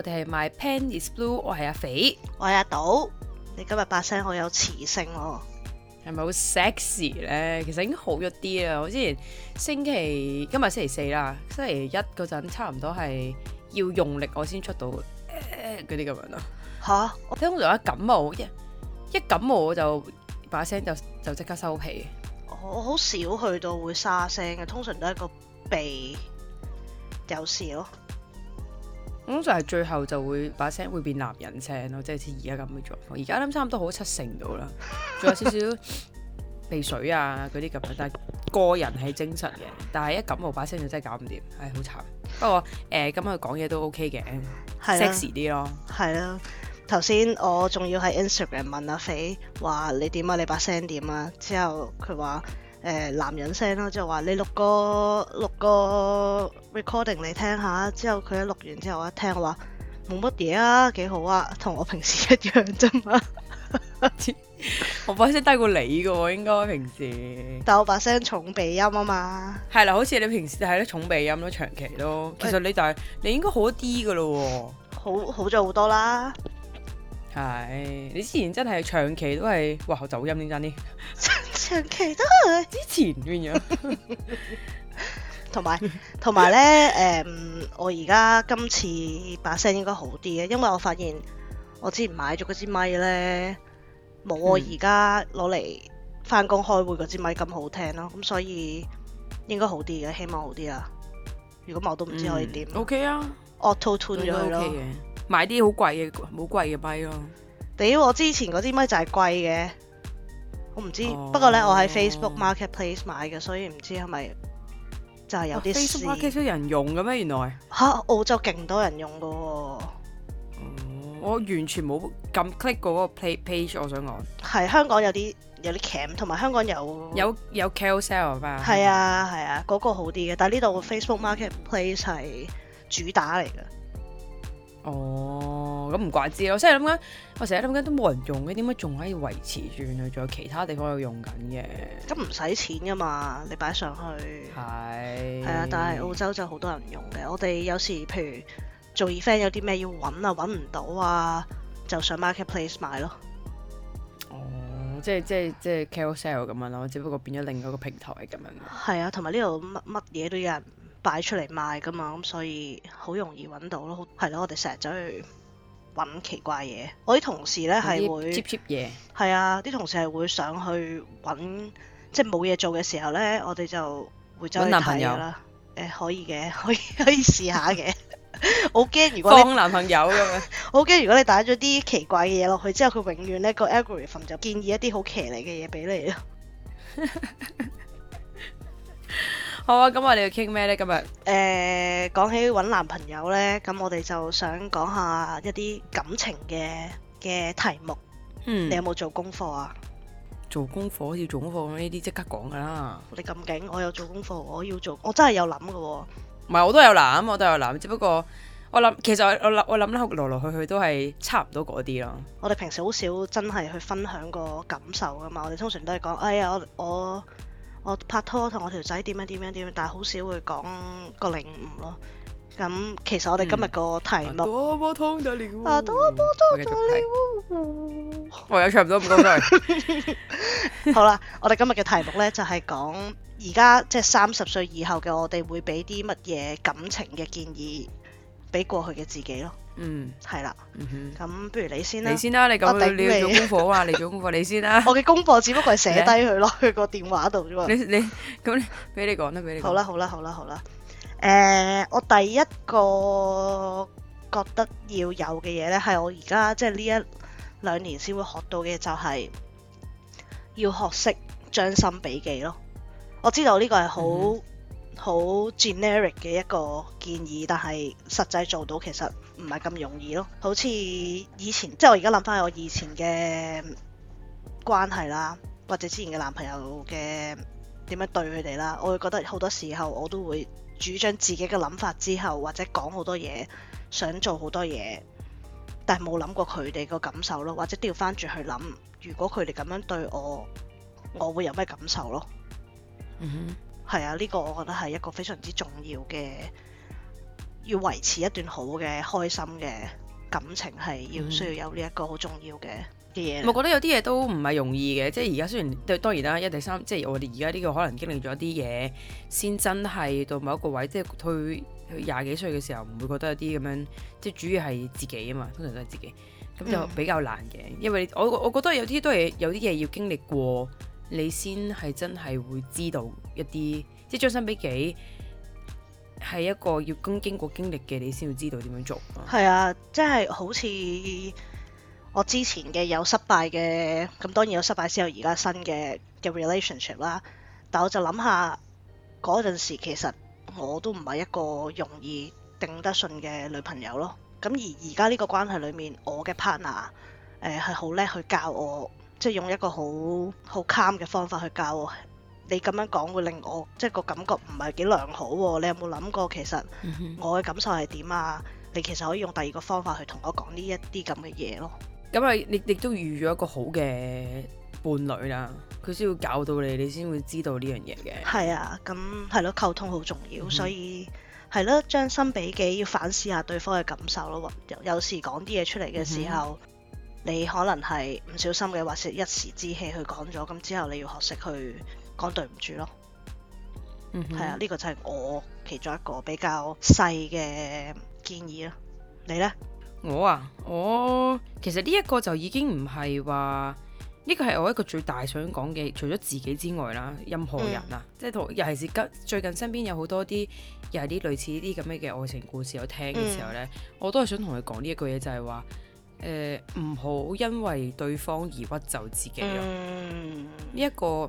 我哋係 My Pen is blue，我係阿肥，我係阿島。你今日把聲好有磁性喎、哦，係咪好 sexy 咧？其實已經好咗啲啦。我之前星期今日星期四啦，星期一嗰陣差唔多係要用力我先出到嗰啲咁樣咯。吓哈，聽到我通常一感冒一一感冒我就把聲就就即刻收起。我好少去到會沙聲嘅，通常都係個鼻有事咯、哦。咁就係最後就會把聲會變男人聲咯，即係似而家咁嘅狀況。而家咧差唔多好七成度啦，仲有少，少少鼻水啊，嗰啲咁樣。但係個人係精神嘅，但係一感冒把聲就真係搞唔掂，唉、哎，好慘。不過誒、呃，今晚佢講嘢都 OK 嘅 s e x 啲咯。係啦、啊，頭先我仲要喺 Instagram 問阿肥話你點啊？你把聲點啊？之後佢話。誒、呃、男人聲咯，即係話你錄個錄個 recording 你聽下，之後佢一錄完之後一聽，我話冇乜嘢啊，幾好啊，同我平時一樣啫嘛。我把聲低過你嘅喎，應該平時。但我把聲重鼻音啊嘛。係啦，好似你平時係咧重鼻音咯，長期咯，其實你就係、是欸、你應該好啲嘅咯喎。好好咗好多啦，係你之前真係長期都係哇走音點真啲？ 長期都係。之前邊樣？同埋同埋咧，誒、嗯，我而家今次把聲應該好啲嘅，因為我發現我之前買咗嗰支咪咧，冇我而家攞嚟翻工開會嗰支咪咁好聽咯，咁、嗯嗯、所以應該好啲嘅，希望好啲、嗯 okay、啊！如果唔係我都唔知可以點。O K 啊，auto tune 咗咯，買啲好貴嘅，好貴嘅咪咯。屌，我之前嗰支咪,咪就係貴嘅。我唔知，不過咧，我喺 Facebook Marketplace 買嘅，所以唔知係咪就係有啲 Facebook Marketplace 有人用嘅咩？原來嚇澳洲勁多人用嘅喎。哦，我完全冇撳 click 過嗰個 page，我想講。係香港有啲有啲 cam，同埋香港有有有 Carousell 吧。係啊係啊，嗰個好啲嘅，但係呢度 Facebook Marketplace 係主打嚟嘅。哦。咁唔怪之啦！我成日諗緊，我成日諗緊都冇人用嘅，點解仲可以維持住咧？仲有其他地方有用緊嘅，咁唔使錢噶嘛？你擺上去係係啊！是 uh, 但係澳洲就好多人用嘅。我哋有時譬如做、e、event 有啲咩要搵啊，搵唔到啊，就上 marketplace 買咯。哦，即係即係即係 car sale 咁樣咯，只不過變咗另一個平台咁樣。係啊，同埋呢度乜乜嘢都有人擺出嚟賣噶嘛，咁所以好容易搵到咯。係咯、啊，我哋成日走去。揾奇怪嘢，我啲同事呢係一會接接嘢，係啊，啲同事係會上去揾，即係冇嘢做嘅時候呢，我哋就會搵男朋友啦。誒、欸，可以嘅，可以可以試下嘅。 我驚如果當男朋友咁樣， 我驚如果你打咗啲奇怪嘅嘢落去之後，佢永遠呢、那個 algorithm 就建議一啲好騎呢嘅嘢俾你咯。 好啊！咁我哋要傾咩呢？今日誒，講起揾男朋友呢，咁我哋就想講下一啲感情嘅嘅題目。嗯，你有冇做功課啊？做功課好似做功課呢啲即刻講噶啦！你咁勁，我有做功課，我要做，我真係有諗噶喎。唔係我都有諗，我都有諗，只不過我諗，其實我諗，我諗落，來來去去都係差唔多嗰啲咯。我哋平時好少真係去分享個感受噶嘛，我哋通常都係講，哎呀，我。我拍拖同我條仔點樣點樣點樣，但係好少會講個領悟咯。咁其實我哋今日個題目，多麼痛的領悟，多麼痛的領悟，我而家唱唔到咁多嘅。好啦，我哋今日嘅題目呢，就係講而家即係三十歲以後嘅我哋會俾啲乜嘢感情嘅建議。俾過去嘅自己咯，嗯，係啦的，咁、嗯、哼不如你先啦，你先啦，你講、啊，你要做功課啊， 你做功課你先啦，我嘅功課只不過係寫低佢咯， 去個電話度啫喎，你你咁俾你講得俾你講，好啦好啦好啦好啦，誒、uh,，我第一個覺得要有嘅嘢咧，係我而家即係呢一兩年先會學到嘅，就係要學識將心比己咯，我知道呢個係好、嗯。好 generic 嘅一個建議，但係實際做到其實唔係咁容易咯。好似以前，即係我而家諗翻我以前嘅關係啦，或者之前嘅男朋友嘅點樣對佢哋啦，我會覺得好多時候我都會主張自己嘅諗法之後，或者講好多嘢，想做好多嘢，但係冇諗過佢哋個感受咯，或者掉返轉去諗，如果佢哋咁樣對我，我會有咩感受咯？嗯、mm。Hmm. 係啊，呢個我覺得係一個非常之重要嘅，要維持一段好嘅、開心嘅感情係要需要有呢一個好重要嘅嘅嘢。嗯、我覺得有啲嘢都唔係容易嘅，即係而家雖然當然啦，一、第三，即係我哋而家呢個可能經歷咗啲嘢，先真係到某一個位，即係推廿幾歲嘅時候，唔會覺得有啲咁樣，即係主要係自己啊嘛，通常都係自己，咁就比較難嘅。嗯、因為我我覺得有啲都係有啲嘢要經歷過。你先係真係會知道一啲，即係將心比己係一個要經經過經歷嘅，你先會知道點樣做。係啊，即係好似我之前嘅有失敗嘅，咁當然有失敗先有而家新嘅嘅 relationship 啦。但我就諗下嗰陣時，其實我都唔係一個容易定得順嘅女朋友咯。咁而而家呢個關係裏面，我嘅 partner 誒、呃、係好叻去教我。即係用一個好好 calm 嘅方法去教我。你咁樣講會令我即係個感覺唔係幾良好喎、哦。你有冇諗過其實我嘅感受係點啊？ 你其實可以用第二個方法去同我講呢一啲咁嘅嘢咯。咁啊， 你亦都遇咗一個好嘅伴侶啦，佢先會教到你，你先會知道呢樣嘢嘅。係啊，咁係咯，溝通好重要， 所以係咯，將心比己，要反思下對方嘅感受咯。有有時講啲嘢出嚟嘅時候， 你可能係唔小心嘅，或者一時之氣去講咗，咁之後你要學識去講對唔住咯。嗯哼，係啊，呢、呢個就係我其中一個比較細嘅建議咯。你呢？我啊，我其實呢一個就已經唔係話，呢個係我一個最大想講嘅，除咗自己之外啦，任何人啊，即係同，尤其是近最近身邊有好多啲又係啲類似啲咁嘅嘅愛情故事，我聽嘅時候呢，嗯、我都係想同佢講呢一句嘢，就係話。誒唔好因為對方而屈就自己咯，呢、嗯、一個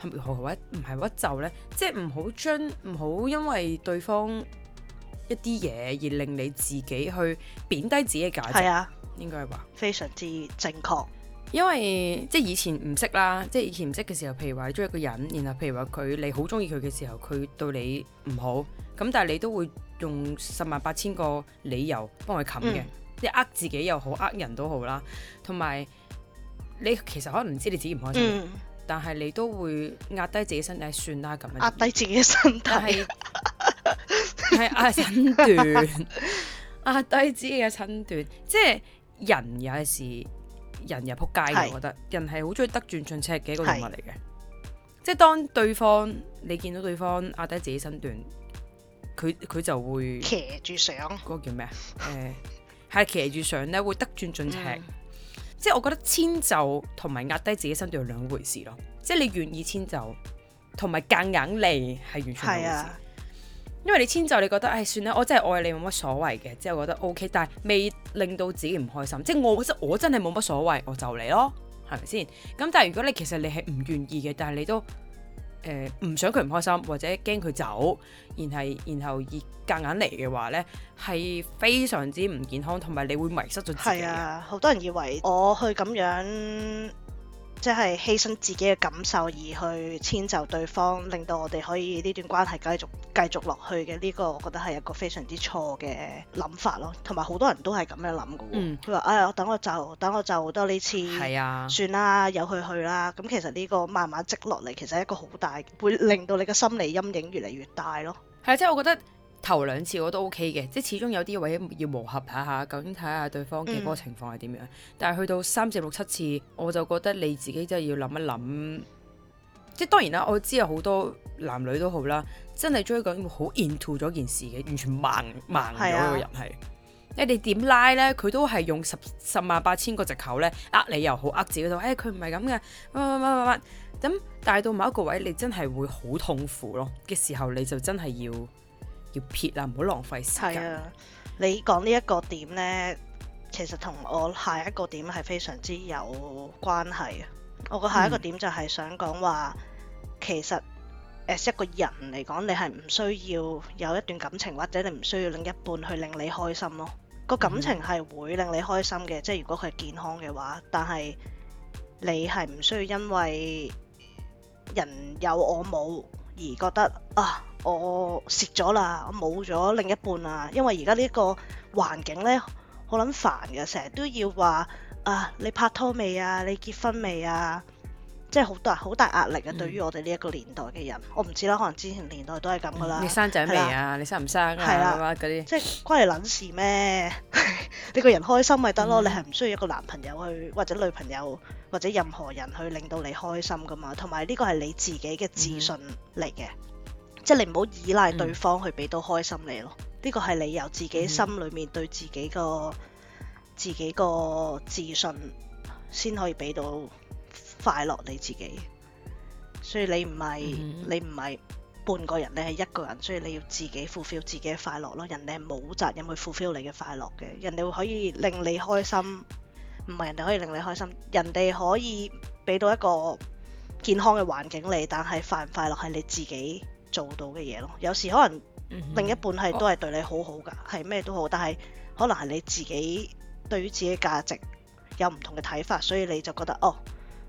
係咪何謂唔係屈就呢？即係唔好將唔好因為對方一啲嘢而令你自己去貶低自己嘅價值。係啊、嗯，應該係話非常之正確。因為即係、就是、以前唔識啦，即、就、係、是、以前唔識嘅時候，譬如話你中意個人，然後譬如話佢你好中意佢嘅時候，佢對你唔好，咁但係你都會用十萬八千個理由幫佢冚嘅。嗯你呃自己又好，呃人都好啦，同埋你其實可能唔知你自己唔開心，嗯、但係你都會壓低自己身體，算啦咁樣壓低自己嘅身體，係壓是 身段，壓 低自己嘅身段。即、就、係、是、人有時人又撲街嘅，是我覺得人係好中意得寸進尺嘅一個動物嚟嘅。即係是當對方你見到對方壓低自己身段，佢佢就會騎住上嗰個叫咩啊？誒。 係騎住上咧，會得寸進尺。嗯、即係我覺得遷就同埋壓低自己身段係兩回事咯。即係你願意遷就，同埋夾硬嚟係完全唔同嘅事。因為你遷就，你覺得唉、哎、算啦，我真係愛你冇乜所謂嘅，即係我覺得 OK，但係未令到自己唔開心。即係我覺得我真係冇乜所謂，我就嚟咯，係咪先？咁但係如果你其實你係唔願意嘅，但係你都。誒唔、呃、想佢唔開心，或者驚佢走，然係然後以夾硬嚟嘅話咧，係非常之唔健康，同埋你會迷失咗自己嘅。係啊，好多人以為我去咁樣。即係犧牲自己嘅感受而去遷就對方，令到我哋可以呢段關係繼續繼續落去嘅呢、呢個，我覺得係一個非常之錯嘅諗法咯。同埋好多人都係咁樣諗嘅。佢話：哎呀，等我就等我就得呢次係、啊、算啦，由佢去啦。咁、嗯、其實呢個慢慢積落嚟，其實係一個好大，會令到你嘅心理陰影越嚟越大咯。係，即係我覺得。頭兩次我都 O K 嘅，即係始終有啲位要磨合下吓，究竟睇下對方嘅嗰個情況係點樣。嗯、但係去到三至六七次，我就覺得你自己真係要諗一諗。即係當然啦，我知有好多男女都好啦，真係追緊好 into 咗件事嘅，完全盲盲咗嘅人係，啊、你哋點拉咧，佢都係用十十萬八千個藉口咧，呃你又好，呃自己都誒，佢唔係咁嘅，乜乜乜乜乜咁。但係到某一個位，你真係會好痛苦咯嘅時候，你就真係要。要撇啦，唔好浪費時間。啊、你講呢一個點呢，其實同我下一個點係非常之有關係。我個下一個點就係想講話，其實 as、嗯、一個人嚟講，你係唔需要有一段感情，或者你唔需要另一半去令你開心咯。個感情係會令你開心嘅，嗯、即係如果佢係健康嘅話。但係你係唔需要因為人有我冇。而覺得啊，我蝕咗啦，我冇咗另一半啦，因為而家呢個環境呢，好撚煩嘅，成日都要話啊，你拍拖未啊，你結婚未啊？即係好大好大壓力啊！嗯、對於我哋呢一個年代嘅人，我唔知啦，可能之前年代都係咁噶啦、嗯。你生仔未啊？啦你生唔生啊？係啦，啲些即係關你撚事咩？ 你個人開心咪得咯？嗯、你係唔需要一個男朋友去或者女朋友或者任何人去令到你開心噶嘛？同埋呢個係你自己嘅自信嚟嘅，嗯、即係你唔好依賴對方去俾到開心你咯。呢個係你由自己心裏面對自己個、嗯、自己個自信先可以俾到。快樂你自己，所以你唔係、mm hmm. 你唔係半個人，你係一個人，所以你要自己 fulfil 自己嘅快樂咯。人哋係冇責任去 fulfil 你嘅快樂嘅，人哋會可以令你開心，唔係人哋可以令你開心，人哋可以俾到一個健康嘅環境你，但係快唔快樂係你自己做到嘅嘢咯。有時可能另一半係、mm hmm. 都係對你好好㗎，係咩、oh. 都好，但係可能係你自己對於自己價值有唔同嘅睇法，所以你就覺得哦。Oh,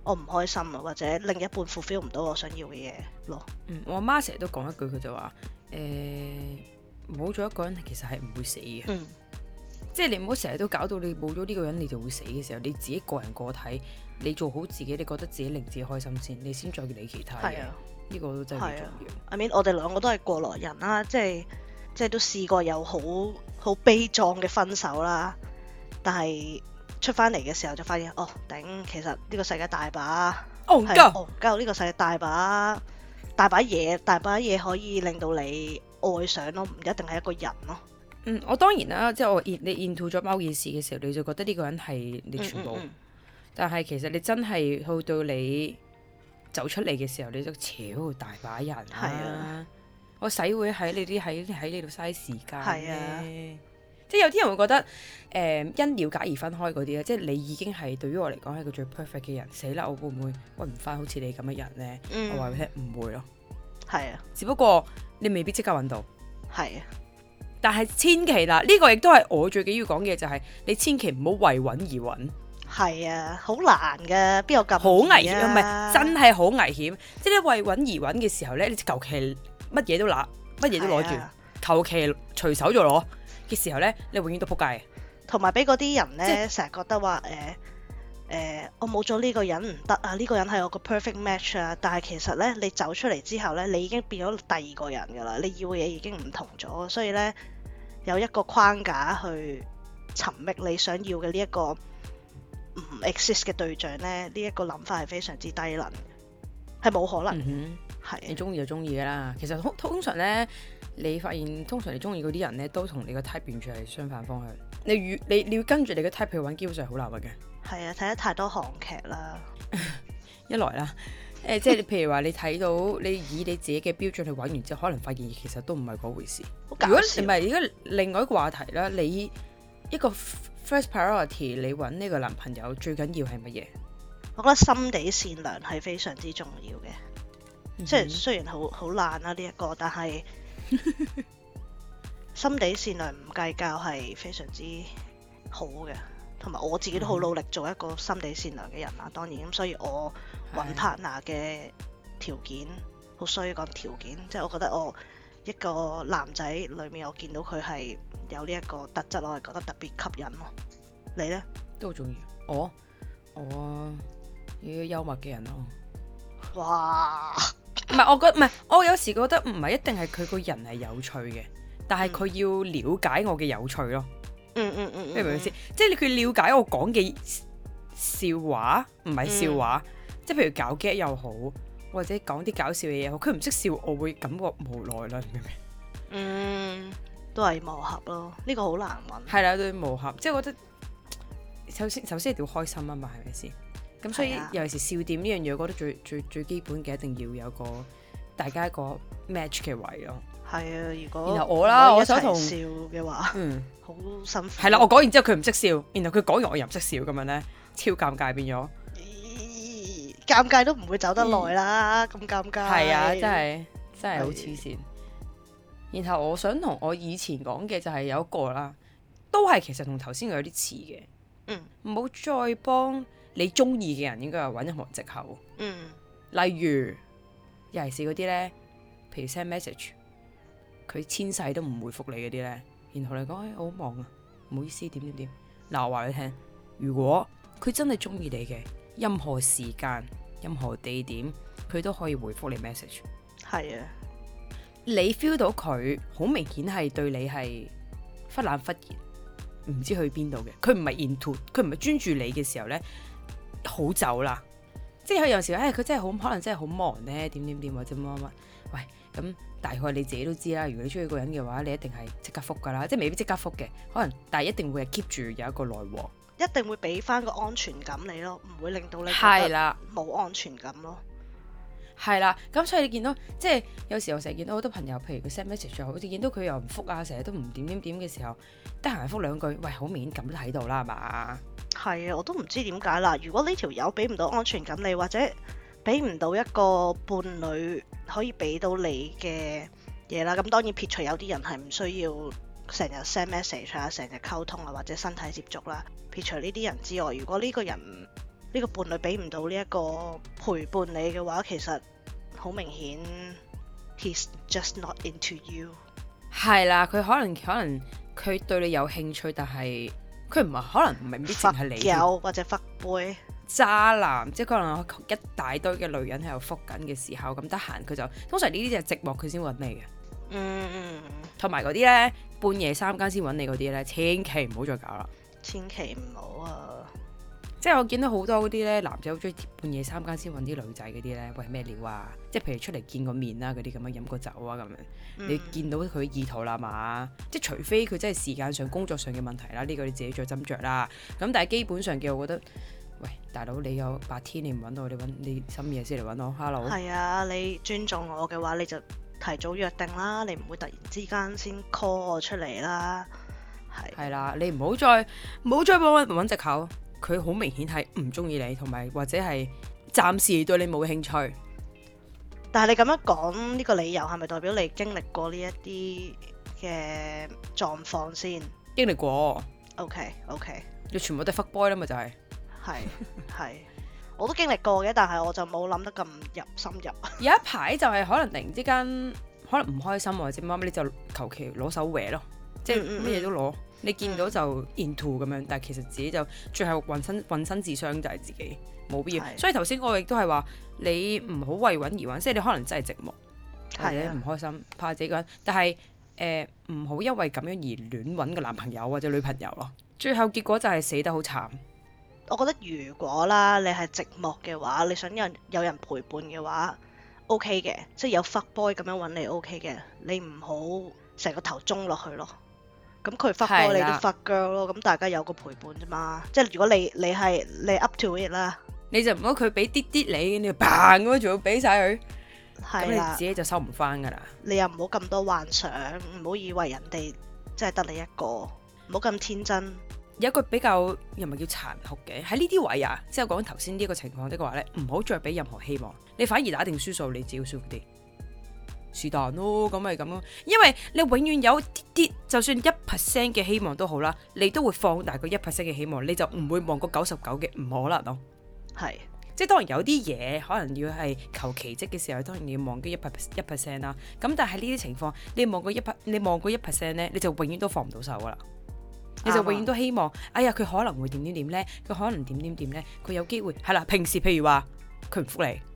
我唔開心咯，或者另一半 fulfill 唔到我想要嘅嘢咯。嗯、我阿媽成日都講一句，佢就話：誒、欸，冇咗一個人其實係唔會死嘅。嗯、即係你唔好成日都搞到你冇咗呢個人，你就會死嘅時候，你自己個人個體，你做好自己，你覺得自己令自己開心先，你先再理其他嘅。係啊。呢個都真係好重要。啊、I mean, 我哋兩個都係過來人啦、啊，即係即係都試過有好好悲壯嘅分手啦，但係，出翻嚟嘅時候就發現哦，頂其實呢個世界大把，哦，唔夠呢個世界大把大把嘢，大把嘢可以令到你愛上咯，唔一定係一個人咯、啊。嗯，我當然啦，即係我 in 你 into 咗某件事嘅時候，你就覺得呢個人係你全部。嗯嗯、但係其實你真係去到你走出嚟嘅時候，你就超大把人啊，我使會喺你啲喺喺呢度嘥時間啊。即係有啲人會覺得，誒、呃、因了解而分開嗰啲咧，即係你已經係對於我嚟講係個最 perfect 嘅人，死啦！我會唔會揾唔返好似你咁嘅人咧？嗯、我話俾你聽，唔會咯。係啊，只不過你未必即刻揾到。係啊，但係千祈啦，呢、這個亦都係我最緊要講嘅，就係、是、你千祈唔好為揾而揾。係啊，好難噶，邊有咁好、啊、危險？唔係，真係好危險。即係你為揾而揾嘅時候咧，你求其乜嘢都攞，乜嘢都攞住，求其隨手就攞。隆嘅時候咧，你永遠都撲街，同埋俾嗰啲人咧，成日是覺得話誒誒，我冇咗呢個人唔得啊，呢、這個人係我個 perfect match 啊，但係其實咧，你走出嚟之後咧，你已經變咗第二個人噶啦，你要嘅嘢已經唔同咗，所以咧有一個框架去尋覓你想要嘅呢一個唔 exist 嘅對象咧，呢、這、一個諗法係非常之低能，係冇可能。係、嗯、哼的你中意就中意㗎喇。其實通通常咧。你發現通常你中意嗰啲人咧，都同你個 type 完全係相反方向。你越你你要跟住你個 type 去揾，基本上係好難嘅。係啊，睇得太多韓劇啦。 一來啦，誒、呃，即係你譬如話你睇到你以你自己嘅標準去揾完之後， 可能發現其實都唔係嗰回事。好搞笑。如果，唔係而家另外一個話題啦，你一個 first priority，你揾呢個男朋友最緊要係乜嘢？我覺得心地善良係非常之重要嘅，即係、雖然、嗯、哼雖然好好爛啦呢一個，但係。 心地善良唔計較係非常之好嘅，同埋我自己都好努力做一個心地善良嘅人啊！當然，咁所以我揾 partner 嘅條件，好的需要講條件，即係我覺得我一個男仔裏面，我見到佢係有呢一個特質，我係覺得特別吸引咯。你呢？都好重要，我我要幽默嘅人咯。哇、oh.！ 唔係我覺唔係我有時覺得唔係一定係佢個人係有趣嘅，但係佢要了解我嘅有趣咯。嗯嗯嗯，你、嗯嗯、明唔明意思？即係佢了解我講嘅笑話，唔係笑話，嗯、即係譬如搞 gag 又好，或者講啲搞笑嘅嘢好，佢唔識笑，我會感覺無奈啦。嗯，都係磨合咯，呢、這個好難揾、嗯。係啦，都、這個、磨合，即係我覺得，首先首先要開心啊嘛，係咪先？咁所以、啊、尤其是笑點呢樣嘢，我覺得最最最基本嘅一定要有個大家一個 match 嘅位咯。係啊，如果然後我啦，我想同笑嘅話，嗯，好辛苦。係啦，我講完之後佢唔識笑，然後佢講完我又唔識笑，咁樣咧，超尷尬，變咗尷尬都唔會走得耐啦，嗯、咁尷尬。係啊，真係真係好黐線。是然後我想同我以前講嘅就係有一個啦，都係其實同頭先有啲似嘅。嗯，唔好再幫。你中意嘅人應該係揾任何藉口。嗯，例如尤其是嗰啲咧，譬如 send message，佢千世都唔回覆你嗰啲咧，然後你講、哎、我好忙啊，唔好意思，點點點。嗱、啊，我話你聽，如果佢真係中意你嘅，任何時間、任何地點，佢都可以回覆你 message。係啊的，你 feel 到佢好明顯係對你係忽冷忽熱，唔知去邊度嘅，佢唔係 i n 佢唔係專注你嘅時候咧。好走啦，即係有時候，誒、哎，佢真係好，可能真係好忙咧、啊，點點點或者乜乜乜，喂，咁大概你自己都知啦。如果你中意嗰人嘅話，你一定係即刻復噶啦，即係未必即刻復嘅，可能，但係一定會係 keep 住有一個來往，一定會俾翻個安全感你咯，唔會令到你係啦冇安全感咯。係啦，咁所以你見到即係有時候成日見到好多朋友，譬如佢 send message 好似見到佢又唔復啊，成日都唔點點點嘅時候，得閒嚟復兩句，喂，好明顯咁都喺度啦，係嘛？係啊，我都唔知點解啦。如果呢條友俾唔到安全感你，你或者俾唔到一個伴侶可以俾到你嘅嘢啦，咁當然撇除有啲人係唔需要成日 send message 啊，成日溝通啊，或者身體接觸啦。撇除呢啲人之外，如果呢個人，呢個伴侶俾唔到呢一個陪伴你嘅話，其實好明顯，he's just not into you。係啦，佢可能可能佢對你有興趣，但係佢唔係可能唔係必淨係你。有或者 fuck boi 渣男，即係可能一大堆嘅女人喺度覆緊嘅時候，咁得閒佢就通常呢啲就係寂寞，佢先揾你嘅。嗯嗯，同埋嗰啲呢，半夜三更先揾你嗰啲呢，千祈唔好再搞啦。千祈唔好啊！即係我見到好多嗰啲咧，男仔好中意半夜三更先揾啲女仔嗰啲咧，喂咩料啊！即係譬如出嚟見個面啊，嗰啲咁樣飲個酒啊，咁樣、嗯、你見到佢意圖啦嘛！即係除非佢真係時間上、工作上嘅問題啦，呢、這個你自己再斟酌啦。咁但係基本上嘅，我覺得喂大佬，你有白天你唔揾我，你揾你深夜先嚟揾我。Hello，係啊，你尊重我嘅話，你就提早約定啦，你唔會突然之間先 call 我出嚟啦。係係啦，你唔好再唔好再搵搵借口。佢好明顯係唔中意你，同埋或者係暫時對你冇興趣。但係你咁樣講呢個理由，係咪代表你經歷過呢一啲嘅狀況先？經歷過，OK OK，要全部都係 fuck boy 啦嘛，就係係係，我都經歷過嘅，但係我就冇諗得咁入深入。 有一排就係可能突然之間，可能唔開心或者乜乜你就求其攞手搲咯，即係乜嘢都攞。嗯嗯嗯你見到就 into 咁樣，但係其實自己就最後渾身渾身自傷就係自己冇必要。是的 所以頭先我亦都係話你唔好為揾而揾，即係你可能真係寂寞或者唔開心，怕自己一個人。但係誒唔好因為咁樣而亂揾個男朋友或者女朋友咯。最後結果就係死得好慘。我覺得如果啦，你係寂寞嘅話，你想有有人陪伴嘅話，OK 嘅，即係有 fuck boy 咁樣揾你 OK 嘅，你唔好成個頭中落去咯。咁佢發哥，的你啲發哥咯，咁大家有個陪伴啫嘛。即係如果你你係你 up to it 啦，你就唔好佢俾啲啲你，你就 bang 咯，仲要俾晒佢，係啦的，你自己就收唔翻噶啦。你又唔好咁多幻想，唔好以為人哋真係得你一個，唔好咁天真。有一個比較又咪叫殘酷嘅，喺呢啲位啊，即係講頭先呢個情況的話咧，唔好再俾任何希望，你反而打定輸數，你只要舒服啲。是但咯，咁咪係咁咯，因為你永遠有啲啲，就算一 percent 嘅希望都好啦，你都會放大個一 percent 嘅希望，你就唔會望個九十九嘅唔可能咯。係是，即係當然有啲嘢可能要係求奇蹟嘅時候，當然要望啲一 percent 一 percent 啦。咁但係呢啲情況，你望個一 percent，你望個一 percent 咧，你就永遠都放唔到手噶啦，吧你就永遠都希望，哎呀佢可能會點點點咧，佢可能點點點咧，佢有機會，係啦，平時譬如話佢唔覆你。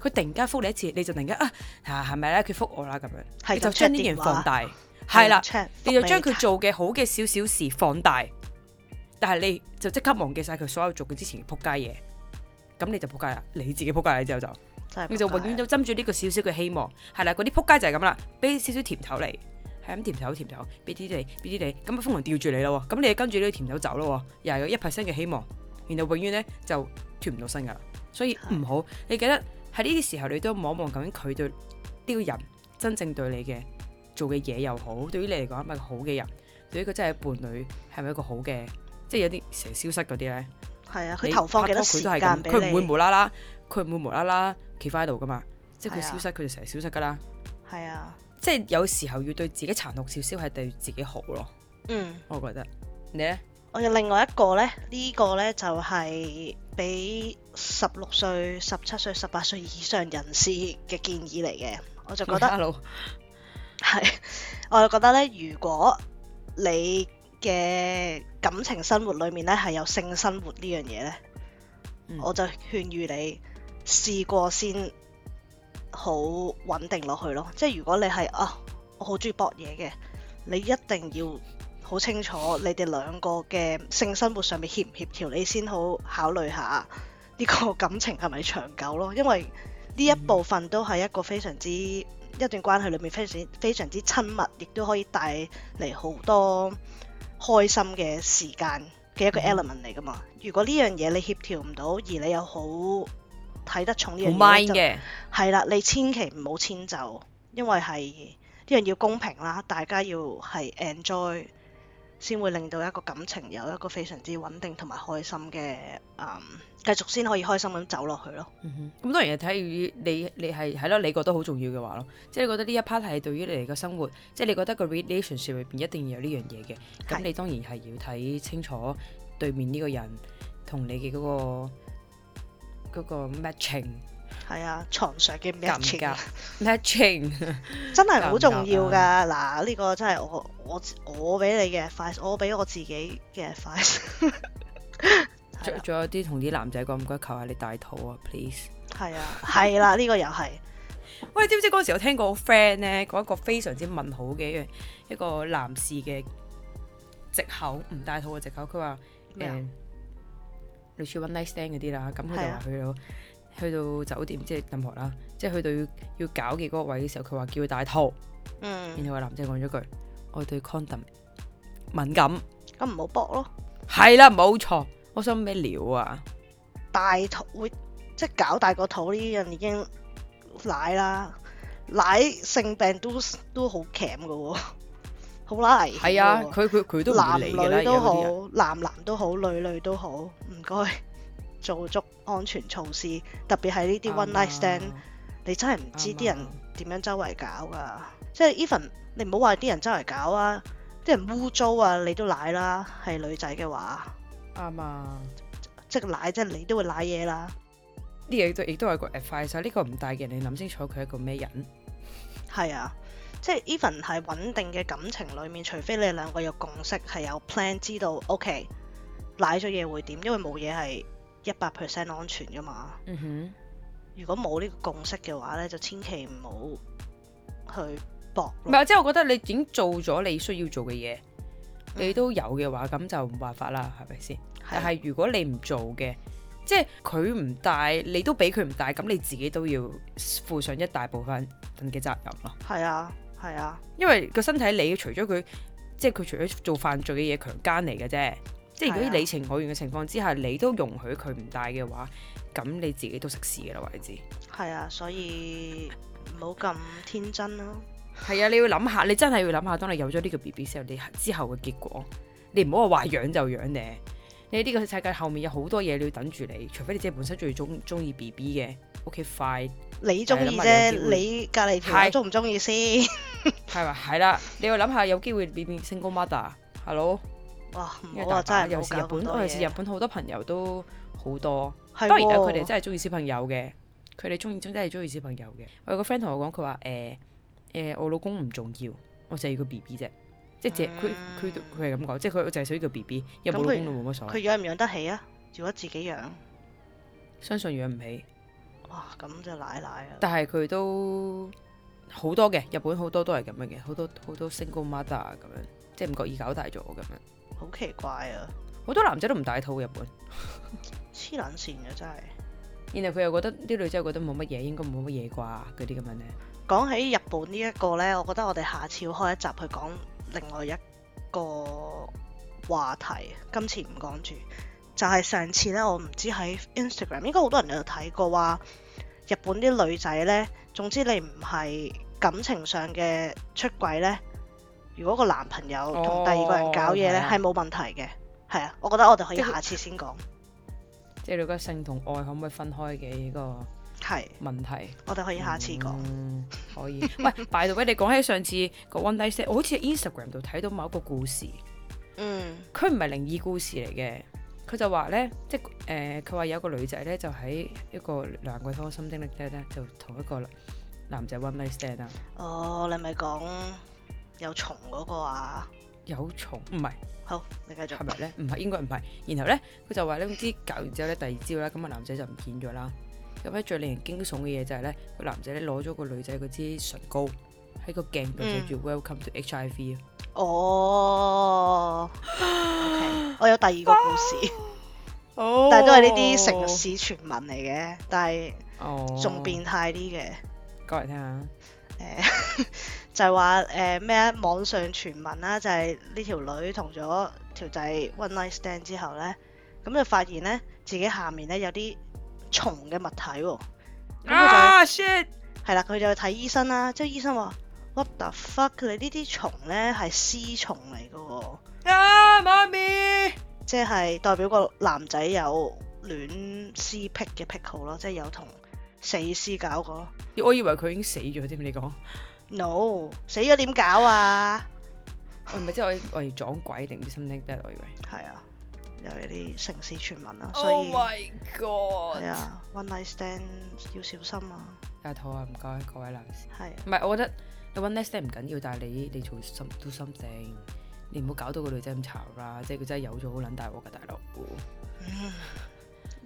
佢突然間覆你一次，你就突然間啊嚇，係咪咧？佢覆我啦，咁樣你就將呢件放大，係啦，你就將佢做嘅好嘅少少事放大，但係你就即刻忘記晒佢所有做嘅之前嘅撲街嘢，咁你就撲街啦。你自己撲街之後就 你就永遠都針住呢個少少嘅希望係啦，嗰啲撲街就係咁啦，俾少少甜頭嚟，係咁 甜頭甜頭，俾啲你俾啲你，咁風雲吊住你咯，咁你跟住呢啲甜頭走咯，又有一 percent 嘅希望，然後永遠咧就脫唔到身噶，所以唔好你記得。喺呢啲時候，你都望望究竟佢對呢個人真正對你嘅做嘅嘢又好，對於你嚟講係咪好嘅人？對於佢真係伴侶係咪一個好嘅？即係有啲成日消失嗰啲咧。係啊，佢投放幾多時間俾你拍拖，佢都係咁？佢唔會無啦啦，佢唔會無啦啦企翻喺度噶嘛。 即係佢消失，佢就成日消失噶啦。係啊、嗯，即係有時候要對自己殘酷少少，係對自己好咯。嗯，我覺得你咧。我另外一個呢，呢、呢個呢，就係俾十六歲、十七歲、十八歲以上人士嘅建議嚟嘅。我就覺得係 Hello.，我就覺得呢，如果你嘅感情生活裡面呢，係有性生活呢樣嘢呢，mm. 我就勸喻你試過先好穩定落去咯。即係如果你係啊、哦，我好中意博嘢嘅，你一定要好清楚你哋兩個嘅性生活上面協唔協調，你先好考慮下呢個感情係咪長久咯。因為呢一部分都係一個非常之一段關係裏面非常非常之親密，亦都可以帶嚟好多開心嘅時間嘅一個 element 嚟噶嘛。嗯、如果呢樣嘢你協調唔到，而你又好睇得重呢、嗯、樣嘢，真係係啦，你千祈唔好遷就，因為係呢樣要公平啦，大家要係 enjoy。先會令到一個感情有一個非常之穩定同埋開心嘅，嗯，繼續先可以開心咁走落去咯。咁、嗯、當然係睇你你係係咯，你覺得好重要嘅話咯，即係你覺得呢一 part 係對於你嘅生活，即係你覺得個 relationship 裏邊一定要有呢樣嘢嘅，咁你當然係要睇清楚對面呢個人同你嘅嗰個嗰個 matching。嗰個係啊，床上嘅 matching，matching 真係好重要噶。嗱，呢個真係我我我俾你嘅 vice 我俾我自己嘅 vice 仲有啲同啲男仔講唔該，求下你戴套啊，please。係啊，係啦，呢個又係。喂，知唔知嗰時我聽過 friend 咧講一個非常之問號嘅一樣，一個男士嘅籍口唔戴套嘅籍口，佢話誒，類似 one night stand 嗰啲啦，咁佢就話去到。去到酒店即係任何啦，即係去到要要搞嘅嗰個位嘅時候，佢話叫佢戴套，嗯，然後個男仔講咗句：我對 condom 敏感，咁唔好搏咯。係啦，冇錯。我想咩料啊？戴套會即係搞大個肚呢樣已經奶啦，奶性病都都、哦哦啊、都，都好 cam 喎，好難。係啊，佢佢佢都唔嚟嘅啦。有啲男男都好，女女都好，唔該做足安全措施，特別係呢啲 one night stand，Yeah. 你真係唔知啲人點樣周圍搞㗎。Yeah. 即係 even 你唔好話啲人周圍搞啊，啲人污糟啊，你都賴啦。係女仔嘅話，啱啊，即係賴即係你都會賴嘢啦。呢個亦都亦都係一個 advice 啊！呢個唔大嘅，你諗清楚佢係一個咩人？係啊，即係 even 係穩定嘅感情裡面，除非你哋兩個有共識，係有 plan，知道 OK 賴咗嘢會點，因為冇嘢係。一百 percent 安全噶嘛？嗯、哼如果冇呢個共識嘅話咧，就千祈唔好去搏。唔係即係我覺得你已經做咗你需要做嘅嘢，嗯、你都有嘅話，咁就冇辦法啦，係咪先？是但係如果你唔做嘅，即係佢唔帶，你都俾佢唔帶，咁你自己都要負上一大部分嘅責任咯。係啊，係啊，因為個身體，你除咗佢，即係佢除咗做犯罪嘅嘢，強奸嚟嘅啫。即係如果你情我願嘅情況之下，你都容許佢唔帶嘅話，咁你自己都食屎嘅啦，話你知。係啊，所以唔好咁天真咯。係啊，你要諗下，你真係要諗下，當你有咗呢個 B B 之後，你之後嘅結果，你唔好話話養就養咧。你呢個世界後面有好多嘢你要等住你，除非你自己本身最中中意 B B 嘅屋企快，你中意啫，你隔籬條中唔中意先？係嘛，係 啦、啊啊啊，你要諗下，有機會變變 single mother。Hello 哇，哦、因為真係有時日本，我有時日本好多朋友都好多，都、哦、當然啊，佢哋真係中意小朋友嘅。佢哋中意真真係中意小朋友嘅。我有個 friend 同我講，佢話誒誒，我老公唔重要，我淨係要個 BB 啫，即係佢佢佢係咁講，即係佢淨係想要個 BB，有冇老公都冇乜所謂。佢養唔養得起啊？如果自己養，相信養唔起。哇，咁就奶奶啊！但係佢都好多嘅，日本好多都係咁樣嘅，好多好多 single mother 咁樣，即係唔覺意搞大咗咁樣。好奇怪啊！好多男仔都唔戴套日本，黐撚線嘅真係。然後佢又覺得啲女仔覺得冇乜嘢，應該冇乜嘢啩？嗰啲咁樣咧。講起日本呢一個呢，我覺得我哋下次要開一集去講另外一個話題。今次唔講住，就係、是、上次呢，我唔知喺 Instagram 應該好多人有睇過話，日本啲女仔呢，總之你唔係感情上嘅出軌呢。如果個男朋友同第二個人搞嘢咧，係冇、哦、問題嘅，係啊、嗯，我覺得我哋可以下次先講。即係你覺得性同愛可唔可以分開嘅呢、這個係問題？是嗯、我哋可以下次講、嗯。可以， 喂，By t h 你講喺上次個 One night Day s t a n 我好似喺 Instagram 度睇到某一個故事，嗯，佢唔係靈異故事嚟嘅，佢就話咧，即係誒，佢、呃、話有個女仔咧就喺一個兩鬼拖心的 s t a t 咧，就同一個男仔 One night Day s t a y d 哦，你咪講。有蟲嗰個啊？有蟲唔係，好，你繼續係咪咧？唔係，應該唔係。然後咧，佢就話你唔知搞完之後咧， 第二朝啦，咁、個男仔就唔見咗啦。咁咧，最令人驚悚嘅嘢就係咧，個男仔咧攞咗個女仔嗰支唇膏喺個鏡度寫住 Welcome、嗯、to HIV 啊！哦、oh,，OK，我有第二個故事，oh. Oh. 但係都係呢啲城市傳聞嚟嘅，但係哦仲變態啲嘅，講嚟聽下。誒， 就係話誒咩啊？網上傳聞啦，就係呢條女同咗條仔 one night stand 之後咧，咁就發現咧自己下面咧有啲蟲嘅物體、喔。啊 shit！係啦，佢就去睇、ah, shit. 醫生啦，即係醫生話 what the fuck？你蟲呢啲蟲咧係屍蟲嚟嘅。啊媽咪！Ah, mommy. 即係代表個男仔有戀屍癖嘅癖好咯，即係有同。死屍搞過、啊，我以為佢已經死咗添，你講。No，死咗點搞啊？唔係即係我，我撞鬼定啲 something？但、like、係我以為係啊，有啲城市傳聞啊。Oh my god！係啊，one night stand 要小心啊！大肚啊，唔該各位男士。係、啊。唔係我覺得你 one night stand 唔緊要，但係你你做都 something，你唔好搞到個女仔咁嘈啦。即係佢真係有咗好撚大鑊嘅大佬。Mm hmm.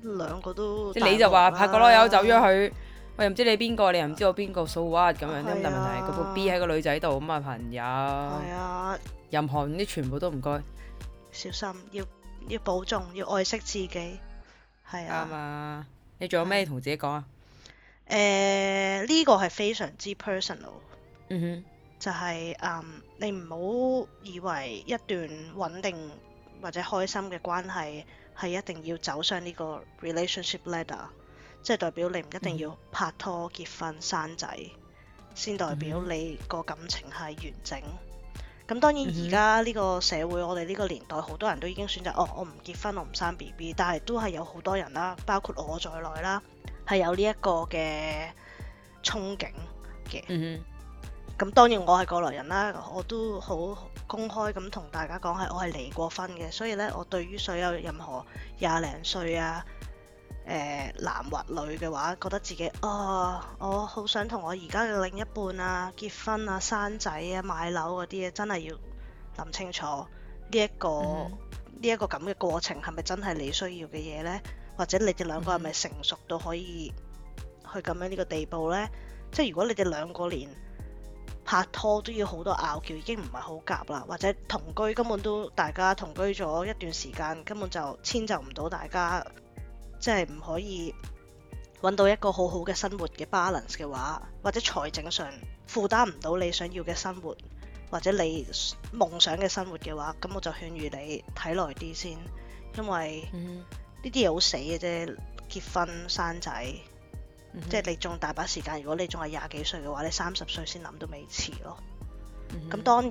兩個都即係你就話拍個拖又走咗佢，我又唔知你邊個，你又唔知我邊個、啊、So what 咁樣都冇、啊、問題。個 B 喺個女仔度咁啊，朋友。係啊，任何啲全部都唔該。小心，要要保重，要愛惜自己。係啊。啱啊！你仲有咩同是自己講啊？誒、呃，呢、這個係非常之 personal。嗯哼，就係、是、嗯，um, 你唔好以為一段穩定或者開心嘅關係。係一定要走上呢個 relationship ladder，即係代表你唔一定要拍拖結婚生仔，先代表你個感情係完整。咁、mm hmm. 當然而家呢個社會，我哋呢個年代好多人都已經選擇哦，我唔結婚，我唔生 BB，但係都係有好多人啦，包括我在內啦，係有呢一個嘅憧憬嘅。Mm hmm. 咁、嗯、當然我係過來人啦，我都好公開咁同大家講係，我係離過婚嘅，所以咧我對於所有任何廿零歲啊，誒、呃、男或女嘅話，覺得自己哦，我好想同我而家嘅另一半啊結婚啊生仔啊買樓嗰啲嘢，真係要諗清楚呢一、個呢一、嗯個咁嘅、呢個、過程係咪真係你需要嘅嘢呢？或者你哋兩個係咪成熟到可以去咁樣呢個地步呢？嗯、即係如果你哋兩個連拍拖都要好多拗撬，已經唔係好夾啦，或者同居根本都大家同居咗一段時間，根本就遷就唔到大家，即係唔可以揾到一個好好嘅生活嘅 balance 嘅話，或者財政上負擔唔到你想要嘅生活，或者你夢想嘅生活嘅話，咁我就勸喻你睇耐啲先，因為呢啲嘢好死嘅啫，結婚生仔。即係你仲大把時間，如果你仲係廿幾歲嘅話，你三十歲先諗都未遲咯。咁當然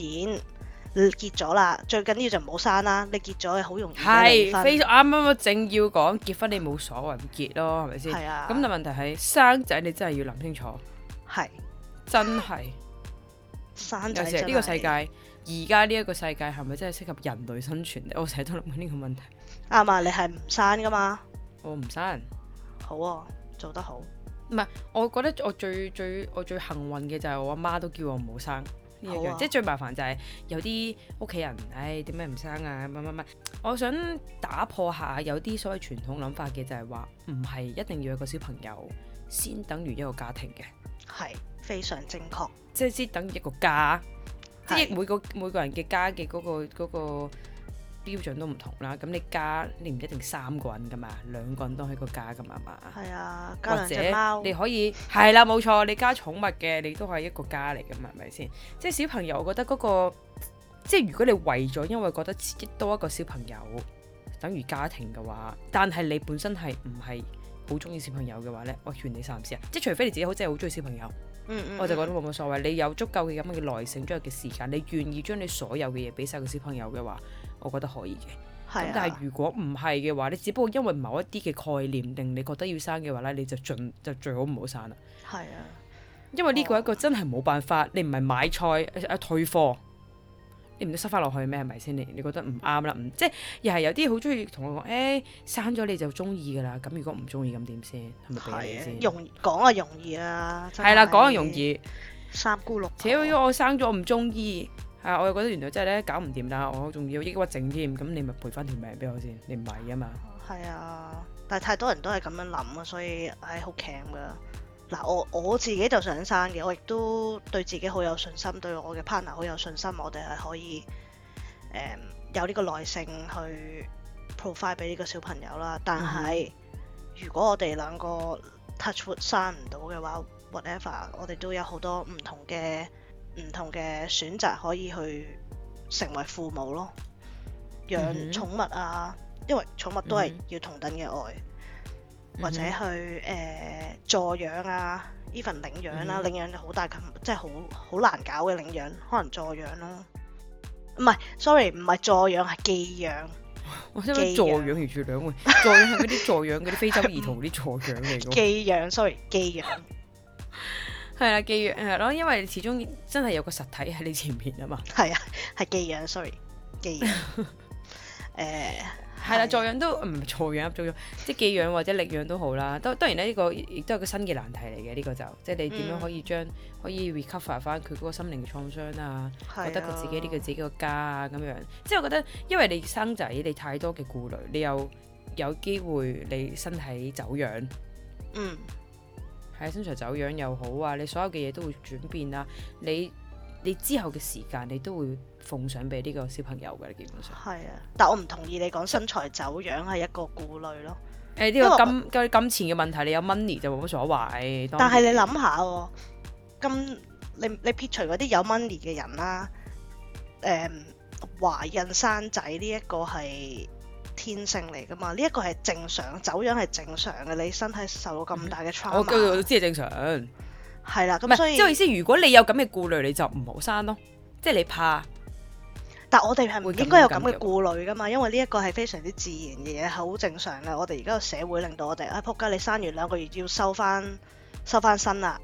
結咗啦，最緊要就唔好生啦。你結咗係好容易係非啱啱正要講結婚，你冇所謂唔結咯，係咪先？係啊。咁但係問題係生仔，你真係要諗清楚。係真係生仔。呢個世界，而家呢一個世界係咪真係適合人類生存？我成日都諗緊呢個問題。啱啊，你係唔生㗎嘛？我唔生。好啊，做得好。唔係，我覺得我最最我最幸運嘅就係我阿媽都叫我唔好生，呢一樣，即係最麻煩就係有啲屋企人，唉、哎，點解唔生啊？乜乜乜，我想打破下有啲所謂傳統諗法嘅，就係話唔係一定要有個小朋友先等於一個家庭嘅。係非常正確，即係先等於一個家，是即係每個每個人嘅家嘅嗰個嗰個。那個標準都唔同啦，咁你加你唔一定三個人噶嘛，兩個人都係一個家噶嘛，係啊，或者你可以係啦，冇錯，你加寵物嘅你都係一個家嚟噶嘛，係咪先？即係小朋友，我覺得嗰個即係如果你為咗因為覺得自己多一個小朋友等於家庭嘅話，但係你本身係唔係好中意小朋友嘅話咧，我勸你三思啊！即係除非你自己好真係好中意小朋友，嗯嗯，我就覺得冇乜所謂。你有足夠嘅咁嘅耐性，足夠嘅時間，你願意將你所有嘅嘢俾晒個小朋友嘅話。我覺得可以嘅，咁、啊、但係如果唔係嘅話，你只不過因為某一啲嘅概念，令你覺得要生嘅話咧，你就盡就最好唔好生啦。係啊，哦、因為呢個一個真係冇辦法，你唔係買菜一退貨，你唔得塞翻落去咩？係咪先？你你覺得唔啱啦，唔即係又係有啲好中意同我講，誒、欸、生咗你就中意噶啦，咁如果唔中意咁點先，係咪？係啊，易講啊，容易啊，係啦、啊，講啊，容易。三姑六婆，我生咗唔中意。係、啊，我又覺得原來真係咧搞唔掂，但我仲要抑鬱症添，咁你咪賠翻條命俾我先，你唔係啊嘛。係啊，但係太多人都係咁樣諗啊，所以係好慘㗎。嗱，我我自己就想生嘅，我亦都對自己好有信心，對我嘅 partner 好有信心，我哋係可以誒、嗯、有呢個耐性去 provide 俾呢個小朋友啦。但係、嗯、如果我哋兩個 touch wood 生唔到嘅話，whatever，我哋都有好多唔同嘅。唔同嘅選擇可以去成為父母咯，養寵物啊，嗯、哼因為寵物都係要同等嘅愛，嗯、哼或者去誒、呃、助養啊呢份 even 領養啦、啊，嗯、哼領養就好大咁，即係好好難搞嘅領養，可能助養咯，唔係，sorry，唔係助養係寄養，我真係助養而住兩位，助養嗰啲助養嗰啲非洲兒童啲助養嚟寄養，sorry，寄養。 係啦，寄養係咯，因為你始終真係有個實體喺你前面啊嘛。係啊，係寄養，sorry，寄養。誒，係啦，助養都唔係助養，助養即係寄養或者領養都好啦。都當然咧，呢、這個亦都係個新嘅難題嚟嘅。呢、這個就即係你點樣可以將、嗯、可以 recover 翻佢嗰個心靈創傷啊？覺得佢自己呢個自己個家啊咁樣。即係我覺得，因為你生仔，你太多嘅顧慮，你有你有機會你身體走樣。嗯。喺身材走樣又好啊，你所有嘅嘢都會轉變啦。你你之後嘅時間，你都會奉上俾呢個小朋友嘅。基本上係啊，但我唔同意你講身材走樣係一個顧慮咯。誒呢、欸呢個金關於金錢嘅問題，你有 money 就冇乜所謂。但係你諗下喎、啊，你你撇除嗰啲有 money 嘅人啦、啊，誒、嗯、華人生仔呢一個係天性嚟噶嘛？呢、這、一個係正常，走樣係正常嘅。你身體受到咁大嘅 trauma，我都知係正常。係啦，咁所以即係、這個、意思，如果你有咁嘅顧慮，你就唔好生咯。即係你怕，但我哋係唔應該有咁嘅顧慮噶嘛？因為呢一個係非常之自然嘅嘢，係好正常嘅。我哋而家個社會令到我哋啊、哎，仆街！你生完兩個月要收翻收翻身啦，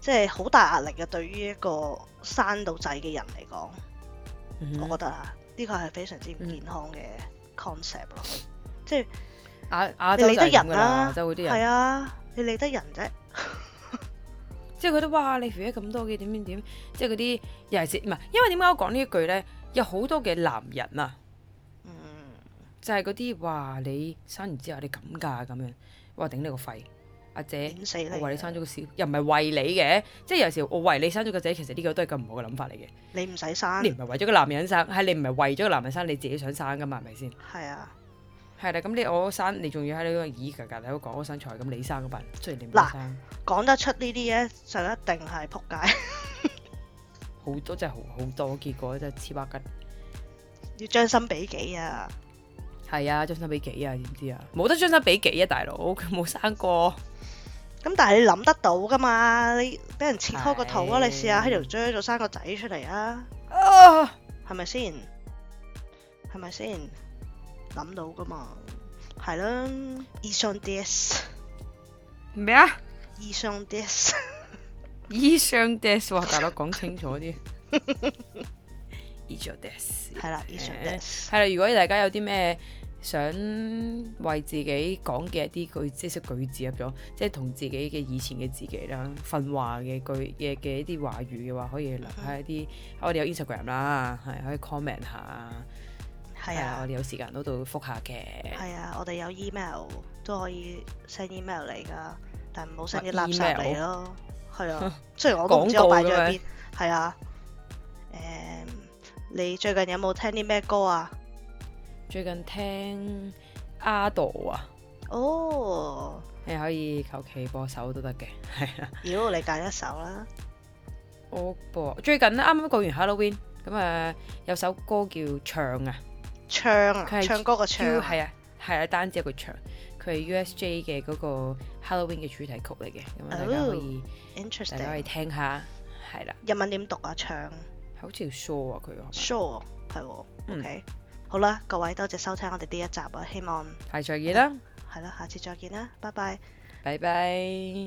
即係好大壓力嘅。對於一個生到仔嘅人嚟講，嗯、哼我覺得啊，呢、這個係非常之唔健康嘅。嗯 concept 咯，即係亞亞洲就係咁啦，就嗰啲人，係啊，你理得人啫， 即係佢都哇，你肥咗咁多嘅，點點點，即係嗰啲又係唔係？因為點解我講呢一句咧？有好多嘅男人啊，嗯，就係嗰啲話你生完之後你咁噶咁樣，哇頂你個肺。阿姐死我，我為你生咗個子，又唔係為你嘅，即係有時我為你生咗個仔，其實呢個都係咁唔好嘅諗法嚟嘅你唔使生，你唔係為咗個男人生，係你唔係為咗個男人生，你自己想生噶嘛？係咪先？係啊，係啦，咁你我生，你仲要喺你嗰個咦格格喺度講我身材，咁你生嗰份雖然你唔生，講得出呢啲咧就一定係仆街。 好多真係好好多，結果真係黐孖筋。要將心比己啊，係啊，將心比己啊，點知啊，冇得將心比己啊，大佬佢冇生過。咁、嗯、但係你諗得到噶嘛？你俾人切開個肚對嘗嘗個啊！你試下喺度追咗生個仔出嚟啊！係咪先？係咪先？諗到噶嘛？係啦，以上です咩啊？以上です，以上です，哇！大佬講清楚啲。以上です係啦，以上です係啦。如果大家有啲咩，想為自己講嘅一啲句，即係句子入咗，即係同自己嘅以前嘅自己啦，訓話嘅句嘅嘅一啲話語嘅話，可以留喺一啲，我哋有 Instagram 啦，係可以 comment 下，係啊，我哋有時間都度覆下嘅，係啊，啊，我哋有 email 都可以 send email 嚟噶，但唔好 send 啲垃圾嚟咯，係啊，啊，雖然我都唔知道擺咗邊，係啊，誒、嗯，你最近有冇聽啲咩歌啊？最近聽 Ado 啊，哦，你可以求其播首都得嘅，係啊。如果你揀一首啦。我播最近啱啱過完 Halloween，咁啊有首歌叫《唱》啊，唱啊，唱歌嘅唱，係啊，係啊，單字一個唱，佢係 USJ 嘅嗰個 Halloween 嘅主題曲嚟嘅，咁大家可以 i 大家可以聽下，係啦。日文點讀啊？唱好似 show 啊，佢喎，show 係喎，OK。好啦，各位多謝收聽我哋呢一集啊，希望下次再見啦，係啦，下次再見啦，拜拜，拜拜。